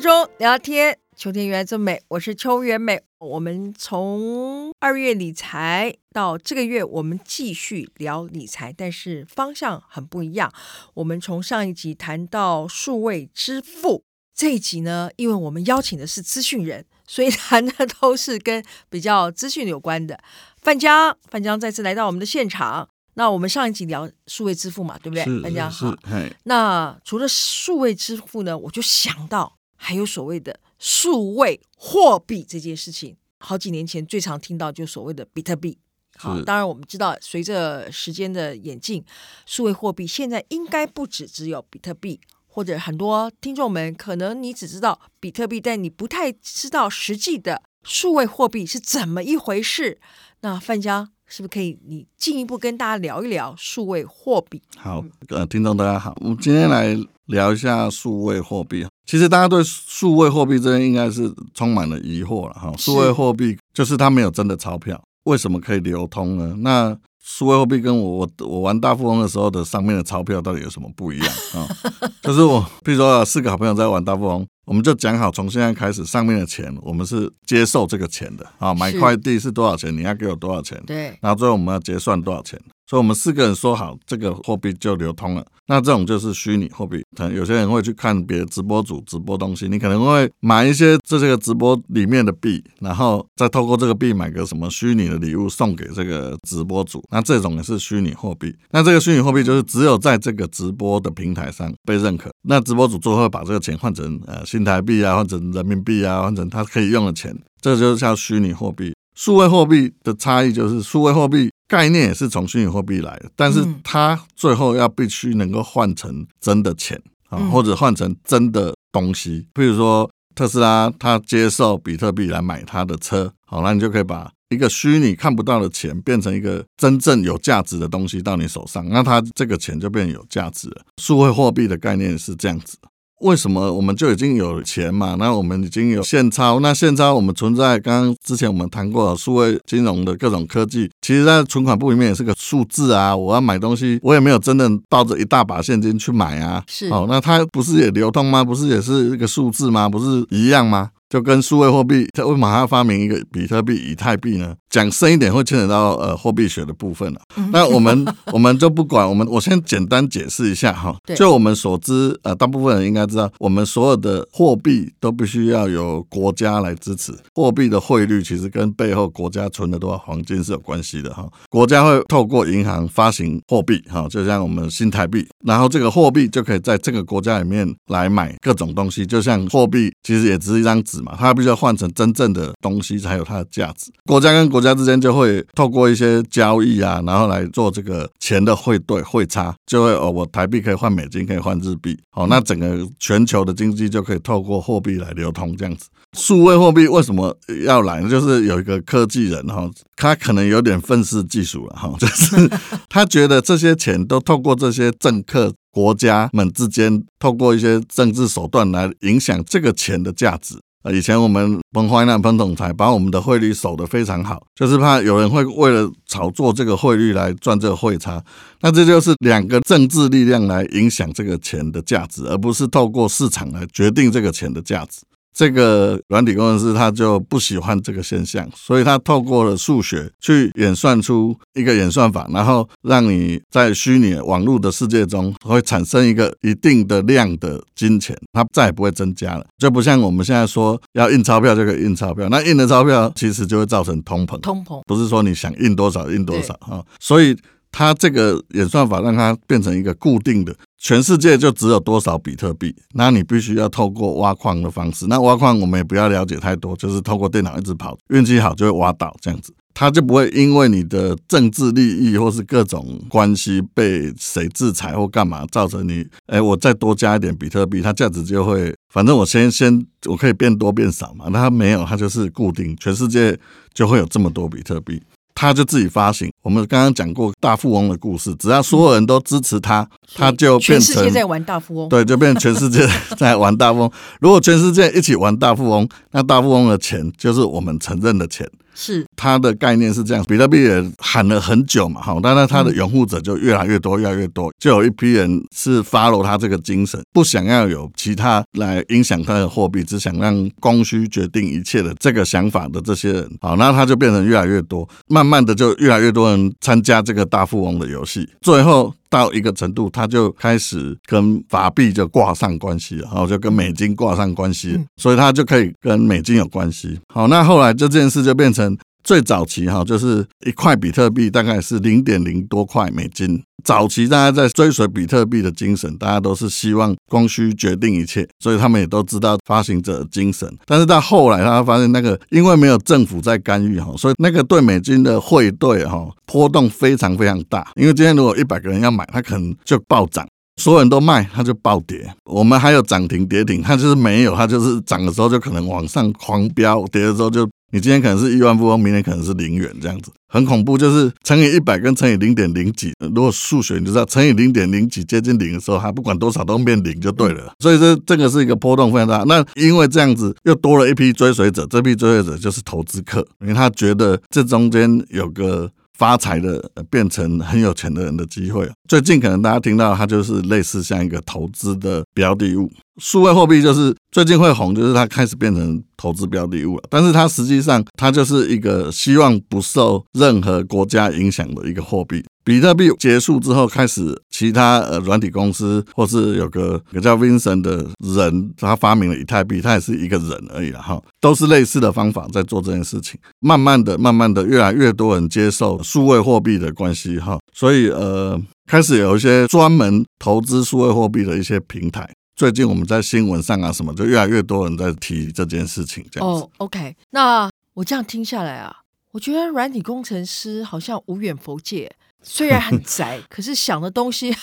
中聊天，秋天原來這麼美。我是秋月美。我們從二月理財到這個月，我們繼續聊理財，但是方向很不一樣。我們從上一集談到數位支付，這一集呢，因為我們邀請的是資訊人，所以談的都是跟比較資訊有關的。范姜，范姜再次來到我們的現場。那我們上一集聊數位支付嘛，對不對？范姜好。嘿那除了數位支付呢，我就想到。還有所謂的數位貨幣這件事情，好幾年前最常聽到就所謂的比特幣。是好，當然我們知道，隨着時間的演進，數位貨幣現在應該不止只有比特幣。或者很多聽眾們可能你只知道比特幣，但你不太知道實際的數位貨幣是怎麼一回事。那范薑是不是可以你進一步跟大家聊一聊數位貨幣？好，呃，聽眾大家好，我們今天來聊一下數位貨幣。其實大家對數位貨幣這邊應該是充滿了疑惑了哈。數位貨幣就是它沒有真的鈔票，是為什麼可以流通呢？那數位貨幣跟我我我玩大富翁的時候的上面的鈔票到底有什麼不一樣啊、 哦？就是我，比如說四個好朋友在玩大富翁，我們就講好從現在開始上面的錢我們是接受這個錢的啊、哦，買塊地是多少錢，你要給我多少錢，對是，然後最後我們要結算多少錢。所以我們四個人說好，這個貨幣就流通了。那這種就是虛擬貨幣。可能有些人會去看別的直播主直播東西，你可能會買一些這些直播裡面的幣，然後再透過這個幣買個什麼虛擬的禮物送給這個直播主。那這種也是虛擬貨幣。那這個虛擬貨幣就是只有在這個直播的平台上被認可。那直播主最後會把這個錢換成呃新台幣啊，換成人民幣啊，換成他可以用的錢，這個就是叫虛擬貨幣。數位貨幣的差異就是數位貨幣概念也是從虛擬貨幣來的，但是它最後要必須能夠換成真的錢啊，嗯、或者換成真的東西。比如說特斯拉，它接受比特幣來買它的車，好，那你就可以把一個虛擬看不到的錢，變成一個真正有價值的東西到你手上，那它這個錢就變成有價值了。數位貨幣的概念是這樣子。為什麼我們就已經有錢嘛？那我們已經有現鈔，那現鈔我們存在。剛剛之前我們談過了數位金融的各種科技，其實，在存款簿裡面也是個數字啊。我要買東西，我也沒有真的抱着一大把現金去買啊。是，哦，那它不是也流通嗎？不是也是一個數字嗎？不是一樣嗎？就跟數位貨幣，它為什麼要發明一個比特幣、以太幣呢？講深一點，會牽扯到呃貨幣學的部分了、啊。嗯、那我們 我們就不管，我們我先簡單解釋一下哈。就我們所知，呃，大部分人應該知道，我們所有的貨幣都必須要由國家來支持。貨幣的匯率其實跟背後國家存了多少黃金是有關係的哈。國家會透過銀行發行貨幣哈，就像我們新台幣，然後這個貨幣就可以在這個國家裡面來買各種東西，就像貨幣其實也只是一張紙嘛，它必須要換成真正的東西才有它的價值。國家跟國家之間就會透過一些交易啊，然後來做這個錢的匯兌、匯差，就會哦，我台幣可以換美金，可以換日幣，好，那整個全球的經濟就可以透過貨幣來流通。這樣子，數位貨幣為什麼要來？就是有一個科技人哈，他可能有點憤世嫉俗了哈，就是他覺得這些錢都透過這些政客、國家們之間，透過一些政治手段來影響這個錢的價值。呃，以前我們彭淮南、彭總裁把我們的匯率守得非常好，就是怕有人會為了炒作這個匯率來賺這個匯差。那這就是兩個政治力量來影響這個錢的價值，而不是透過市場來決定這個錢的價值。這個軟體工程師他就不喜歡這個現象，所以他透過了數學去演算出一個演算法，然後讓你在虛擬網絡的世界中會產生一個一定的量的金錢，它再也不會增加了。就不像我們現在說要印鈔票就可以印鈔票，那印的鈔票其實就會造成通膨。通膨不是說你想印多少印多少啊，所以他這個演算法讓它變成一個固定的。全世界就只有多少比特幣，那你必須要透過挖礦的方式。那挖礦我們也不要了解太多，就是透過電腦一直跑，運氣好就會挖到這樣子。它就不會因為你的政治利益或是各種關係被誰制裁或幹嘛，造成你哎、欸，我再多加一點比特幣，它價值就會反正我先先我可以變多變少嘛。那它沒有，它就是固定，全世界就會有這麼多比特幣。他就自己發行。我們剛剛講過大富翁的故事，只要所有人都支持他，他就變成全世界在玩大富翁。 對，就變成全世界在玩大富翁。如果全世界一起玩大富翁，那大富翁的錢就是我們承認的錢。是。他的概念是這樣，比特幣也喊了很久嘛，好，那那他的擁護者就越來越多，越來越多，就有一批人是 follow 他這個精神，不想要有其他來影響他的貨幣，只想讓供需決定一切的這個想法的這些人，好，那他就變成越來越多，慢慢的就越來越多人參加這個大富翁的遊戲，最後到一個程度，他就開始跟法幣就掛上關係了，好，就跟美金掛上關係，所以他就可以跟美金有關係，好，那後來這件事就變成。最早期哈，就是一塊比特幣大概是零點零多塊美金。早期大家在追隨比特幣的精神，大家都是希望供需決定一切，所以他們也都知道發行者的精神。但是到後來，大家發現那個因為沒有政府在干預哈，所以那個對美金的匯兌哈波動非常非常大。因為今天如果一百個人要買，它可能就暴漲；所有人都賣，它就暴跌。我們還有漲停跌停，它就是沒有，它就是漲的時候就可能往上狂飆，跌的時候就。你今天可能是億萬富翁，明天可能是零元，這樣子很恐怖，就是乘以一百跟乘以零點零幾，呃，如果數學你就知道，乘以零點零幾接近零的時候，它不管多少都變零就對了。嗯，所以這這個是一個波動非常大。那因為這樣子又多了一批追隨者，這批追隨者就是投資客，因為他覺得這中間有個。發財的變成很有錢的人的機會。最近可能大家聽到它就是類似像一個投資的標的物，數位貨幣就是最近會紅，就是它開始變成投資標的物了。但是它實際上它就是一個希望不受任何國家影響的一個貨幣。比特幣結束之後，開始其他呃軟體公司，或是有個有叫 Vincent 的人，他發明了以太幣，他也是一個人而已啦哈，都是類似的方法在做這件事情。慢慢的、慢慢的，越來越多人接受數位貨幣的關係，哈，所以呃，開始有一些專門投資數位貨幣的一些平台。最近我們在新聞上啊，什麼就越來越多人在提這件事情。這樣哦，oh, OK，那我這樣聽下來啊，我覺得軟體工程師好像無遠弗屆。雖然很宅， 可是想的東西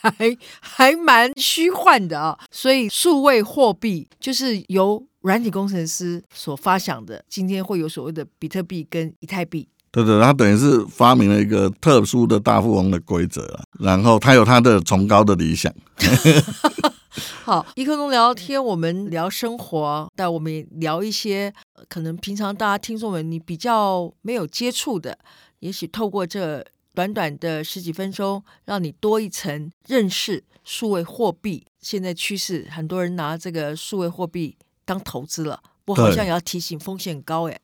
還還蠻虛幻的啊。所以，數位貨幣就是由軟體工程師所發想的。今天會有所謂的比特幣跟以太幣。 對對、對，他等於是發明了一個特殊的大富翁的規則，然後他有他的崇高的理想。 好，一刻鐘聊聊天，我們聊生活，但我們聊一些可能平常大家聽眾們你比較沒有接觸的，也許透過這。短短的十幾分鐘，讓你多一層認識數位貨幣。現在趨勢，很多人拿這個數位貨幣當投資了，我好像也要提醒風險高哎。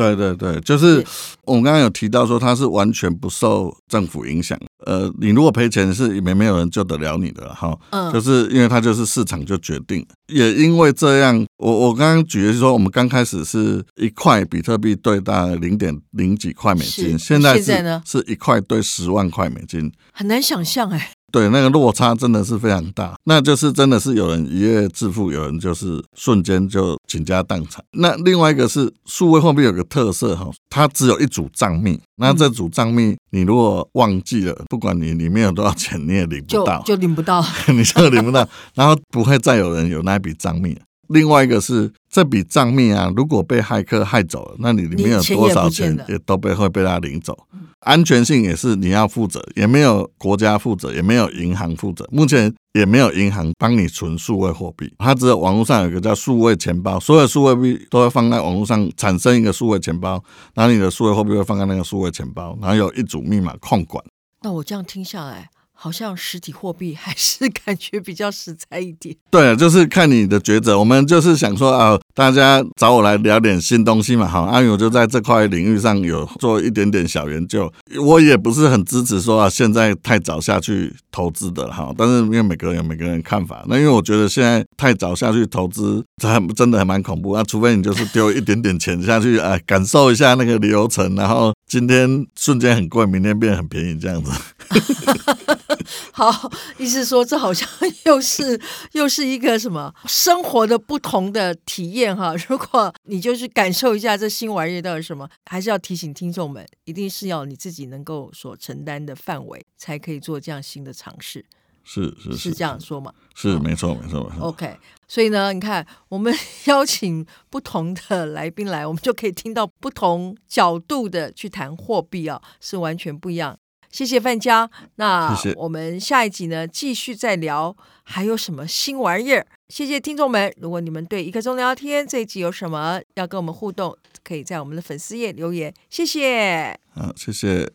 對對對，就是我們剛剛有提到說它是完全不受政府影響，呃，你如果賠錢是沒沒有人救得了你的哈，嗯，就是因為它就是市場就決定，也因為這樣，我我剛剛舉的是說我們剛開始是一塊比特幣兌大零點零幾塊美金，是，現在是，現在呢是一塊兌十萬塊美金，很難想象哎。對，那個落差真的是非常大，那就是真的是有人一夜致富，有人就是瞬間就傾家蕩產。那另外一個是數位貨幣有個特色哈，它只有一組賬密，那這組賬密你如果忘記了，不管你裡面有多少錢，你也領不到，就，就領不到， 你就領不到， 然後不會再有人有那一筆賬密。另外一個是這筆賬密啊，如果被駭客害走了，那你裡面有多少錢也都被，也也都被會被他領走，嗯、安全性也是你要負責，也沒有國家負責，也沒有銀行負責，目前也沒有銀行幫你存數位貨幣，它只有網絡上有一個叫數位錢包，所有數位幣都會放在網絡上產生一個數位錢包，然後你的數位貨幣會放在那個數位錢包，然後有一組密碼控管，那我這樣聽下來。好像實體貨幣還是感覺比較實在一點。對、啊，就是看你的抉擇。我們就是想說啊、呃，大家找我來聊點新東西嘛。好、啊，阿勇就在這塊領域上有做一點點小研究。我也不是很支持說啊，現在太早下去投資的哈。但是因為每個人有每個人的看法。那因為我覺得現在太早下去投資，還真的還蠻恐怖啊。除非你就是丟一點點錢下去，哎， 感受一下那個流程。然後今天瞬間很貴，明天變得很便宜這樣子。 好，意思說這好像又是又是一個什麼生活的不同的體驗哈。如果你就是感受一下這新玩意到底什麼，還是要提醒聽眾們，一定是要你自己能夠所承擔的範圍才可以做這樣新的嘗試。是是是，是，是，是這樣說嘛？是沒錯好沒錯。沒錯，OK，所以呢，你看我們邀請不同的來賓來，我們就可以聽到不同角度的去談貨幣啊，是完全不一樣。謝謝范姜，那我們下一集呢，謝謝繼續再聊還有什麼新玩意兒。謝謝聽眾們，如果你們對一刻鐘聊天這一集有什麼要跟我們互動，可以在我們的粉絲頁留言。謝謝，好，謝謝。